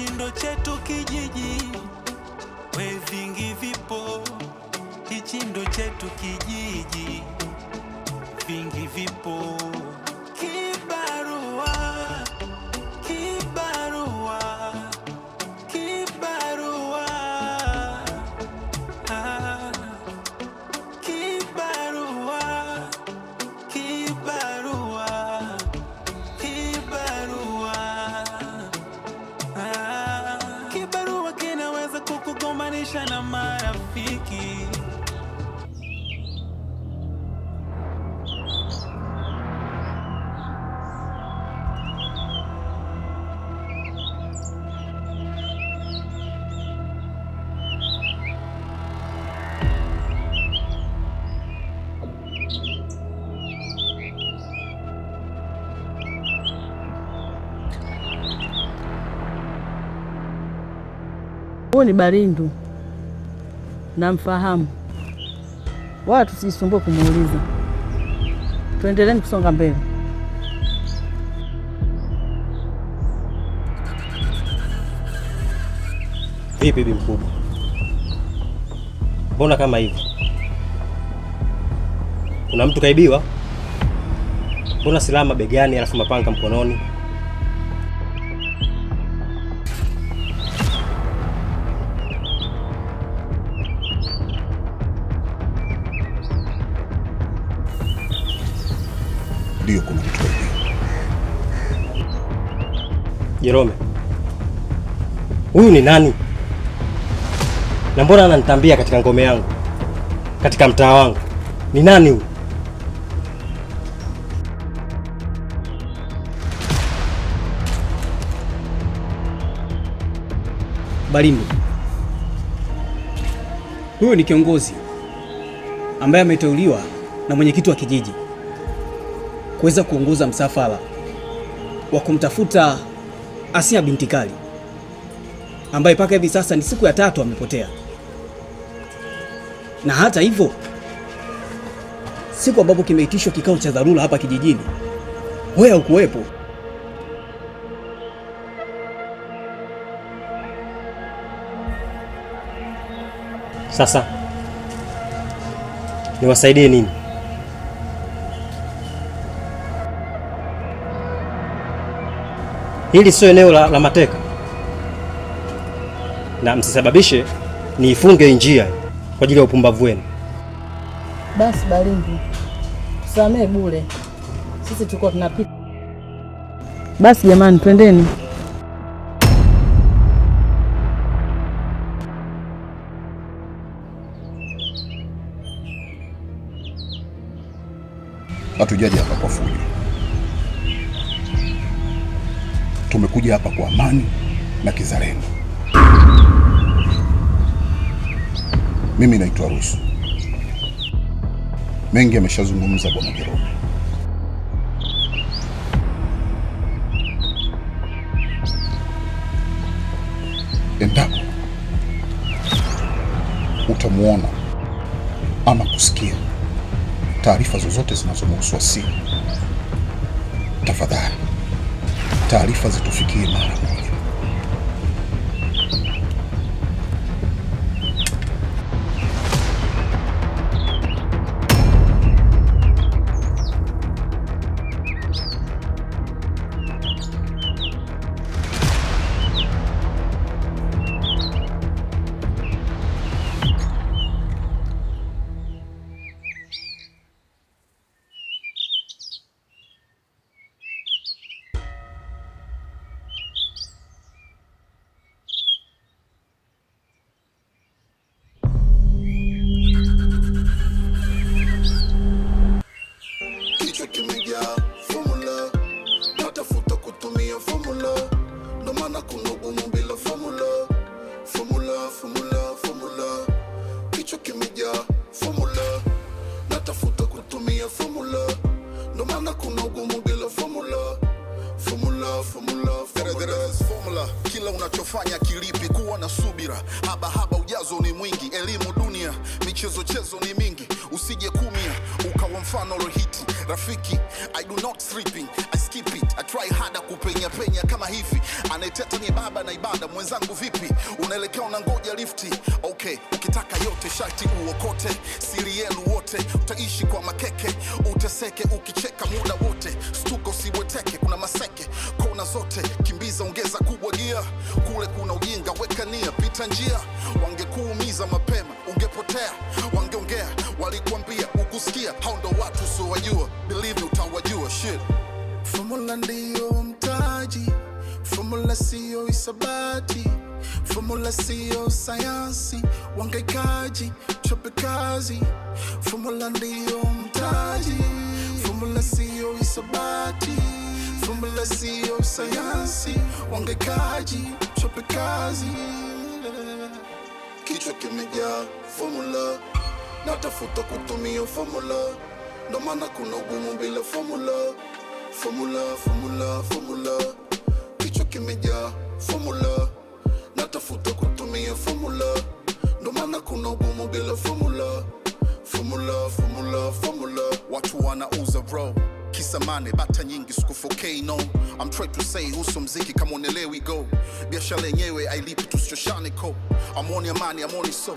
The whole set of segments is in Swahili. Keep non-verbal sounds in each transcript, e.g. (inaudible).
kishindo chetu kijiji, we vingi vipo, kishindo chetu kijiji, vingi vipo. yangu ni Barindu, namfahamu, wala tusisumbue kumuuliza. Tuendeleni kusonga mbele. Vipi bibi mkubwa, mbona kama hivi? Kuna mtu kaibiwa? Mbona silaha mabegani, alafu mapanga mkononi? ndio kuna kitu kajia. Jerome, huyu ni nani na mbona ananitambia katika ngome yangu, katika mtaa wangu? Ni nani huyu? Balimi, huyu ni kiongozi ambaye ameteuliwa na mwenyekiti wa kijiji kuweza kuongoza msafara wa kumtafuta Asia binti Kali ambaye mpaka hivi sasa ni siku ya tatu amepotea, na hata hivyo siku ambapo kimeitishwa kikao cha dharura hapa kijijini, wewe ukuwepo. Sasa niwasaidie nini? hili sio eneo la, la mateka, na msisababishe niifunge njia kwa ajili ya upumbavu wenu. Basi Barindi, tusamee bure, sisi tuko tunapita. Basi jamani, twendeni. Hatujaji hapa kwa fujo. tumekuja hapa kwa amani na kizalendo. Mimi naitwa Rusu. Mengi ameshazungumza bwana Jerome. Endapo utamwona ama kusikia taarifa zozote zinazomhusu Asili, tafadhali taarifa zitufikie mara moja. kila unachofanya kilipi, kuwa na subira. Habahaba ujazo ni mwingi, elimu dunia, michezo chezo ni mingi, usije kumia ukawa mfano rohiti. Rafiki, I do not sleeping, I skip it, I try harder kupenya penya kama hivi, anaiteta ni baba na ibada. Mwenzangu vipi, unaelekea ngoja lifti? Okay, ukitaka yote sharti uokote, siri yenu wote, utaishi kwa makeke, uteseke ukicheka muda wote, stuko sibweteke wameacha njia, wangekuumiza mapema, ungepotea. Wangeongea, walikuambia ukusikia. Hao ndo watu usiowajua, believe utawajua. Shit, fomula ndiyo mtaji, fomula siyo isabati, fomula siyo sayansi, wangaikaji chape kazi. Fomula ndiyo mtaji, fomula siyo isabati fomula siyo sayansi, wangekaji chape kazi kutegemea formula, natafuta kutumia formula, ndo maana kuna ugumu bila formula. Formula, formula, formula, kichwa kimejaa formula, natafuta kutumia formula, Domana kuno kuna ugumu formula. Formula, formula, formula, watu uza bro kisamane bata nyingi sikufokei no I'm trying to say huso mziki kama unelewi go biashara yenyewe ailipi tusichoshane ko amoni amani amoni so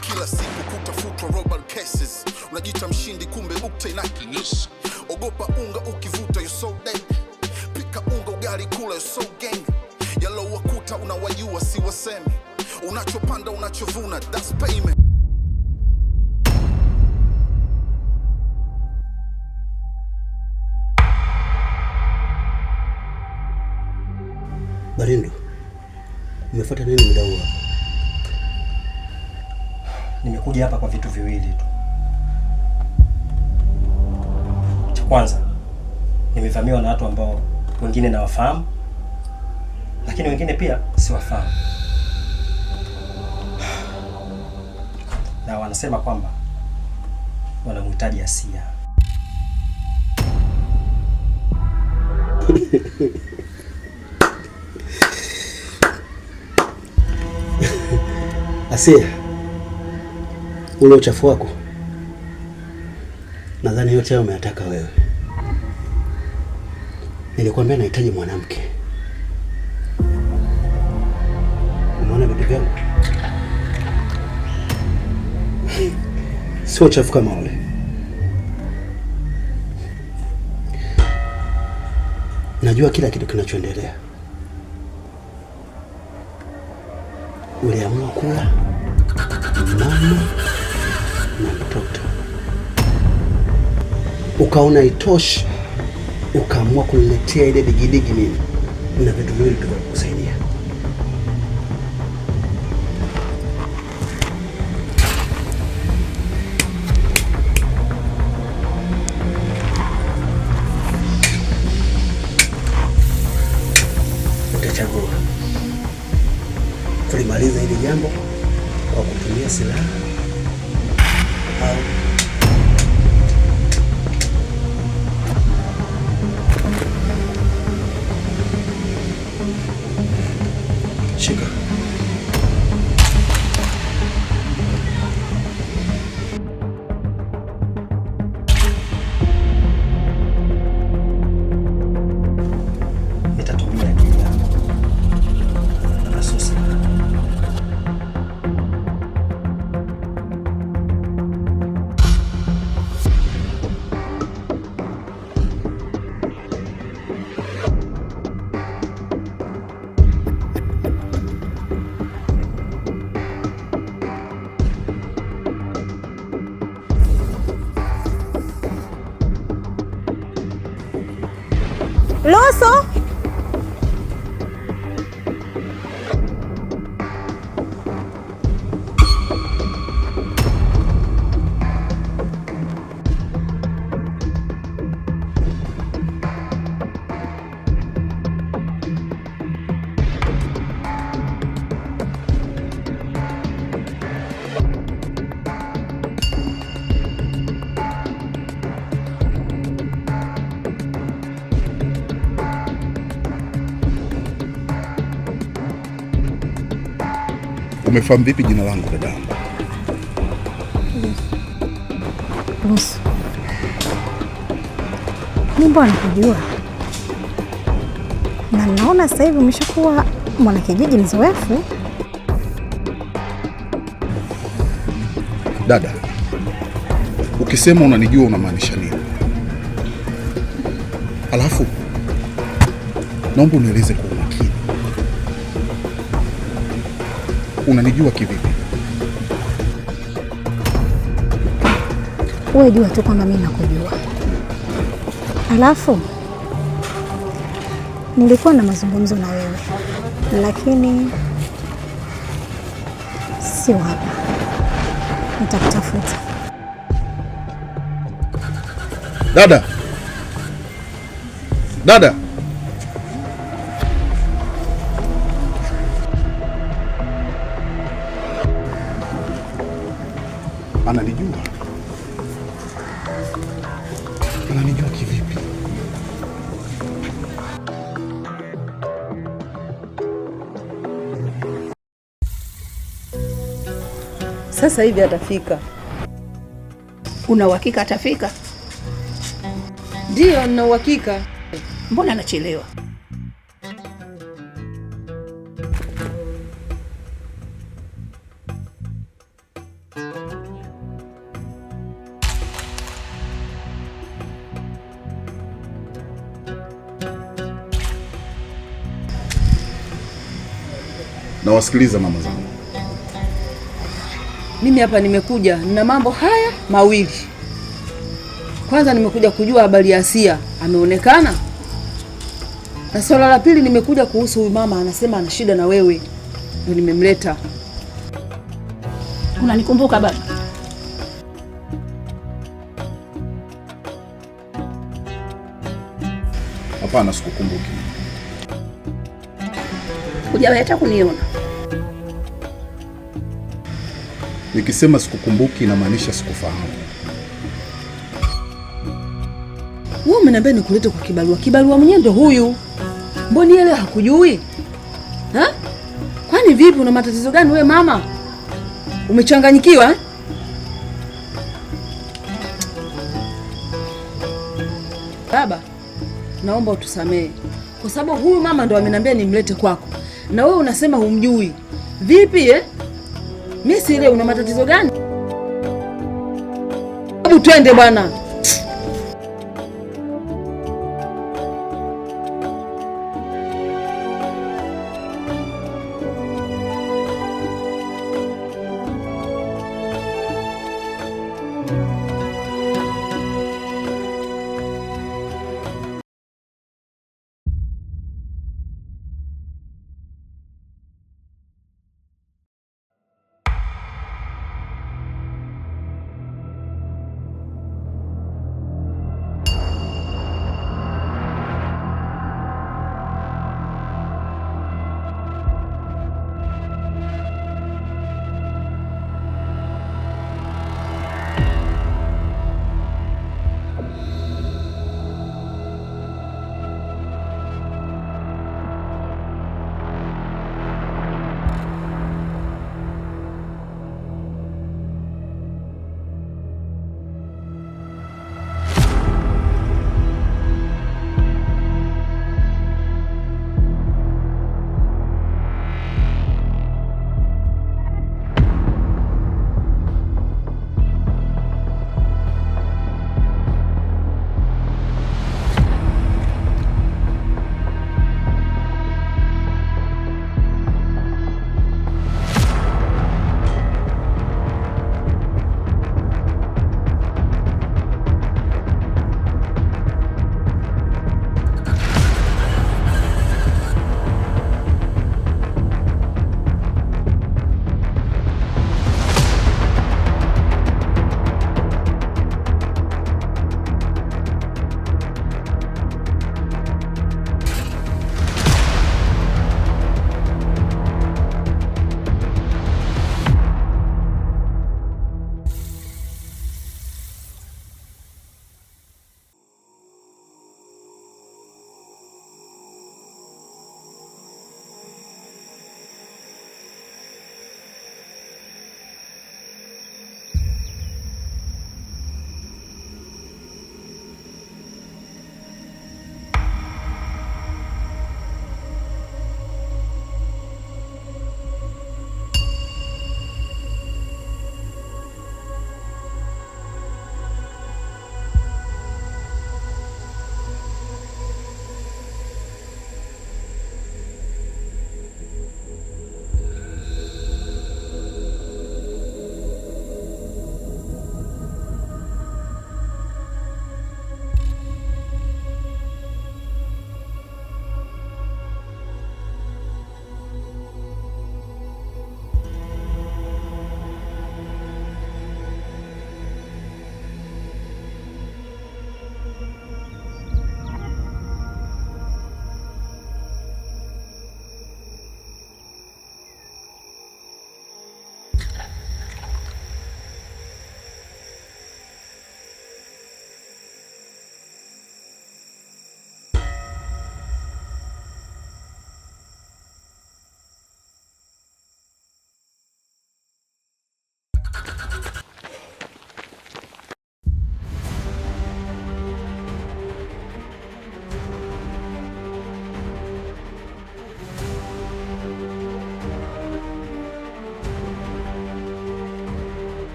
kila siku kutafutwa robert cases unajita mshindi kumbe ukta inakinyesha ogopa unga ukivuta you so dead pika unga ugari kula you so gang yalowakuta unawajua siwasemi unachopanda unachovuna that's payment Barindo, umefuata nini muda huu? Nimekuja hapa kwa vitu viwili tu. Cha kwanza, nimevamiwa na watu ambao wengine nawafahamu, lakini wengine pia siwafahamu, na wanasema kwamba wanamhitaji Asia (laughs) Asia, ule uchafu wako nadhani yote hayo umeyataka wewe. Nilikwambia nahitaji mwanamke. unaona vitu vyangu sio uchafu kama ule. Najua kila kitu kinachoendelea. uliamua kula mama na mtoto, ukaona itoshi, ukaamua kuniletea ile digidigi mimi na vitu viwili tuvyokusaidia Loso Umefahamu vipi jina langu dada? Ruhusu. Ni mbona nakujua na naona sasa hivi umeshakuwa mwanakijiji mzoefu. Dada, ukisema unanijua unamaanisha nini? Alafu naomba unieleze kwa unanijua kivipi? Wewe jua tu kwamba mimi nakujua. Alafu nilikuwa na mazungumzo na wewe, lakini sio hapa, nitakutafuta. Dada, dada Sasa hivi atafika. Una uhakika atafika? ndio nina uhakika. Mbona anachelewa? Nawasikiliza mama zangu mimi hapa nimekuja na mambo haya mawili. Kwanza nimekuja kujua habari ya Asia ameonekana, na swala la pili nimekuja kuhusu huyu mama, anasema ana shida na wewe, ndio nimemleta. Unanikumbuka baba? Hapana, sikukumbuki. Hujawahi kuniona. Nikisema sikukumbuki inamaanisha sikufahamu. Wewe umeniambia nikulete kwa kibarua. Kibarua mwenyewe ndo huyu. Mboni yeye hakujui? Ha? Kwani vipi una matatizo gani we mama? Umechanganyikiwa? Eh? Baba, naomba utusamee kwa sababu huyu mama ndo ameniambia nimlete kwako, na wewe unasema humjui. Vipi eh? Mimi sielewi una matatizo gani? Hebu twende bwana.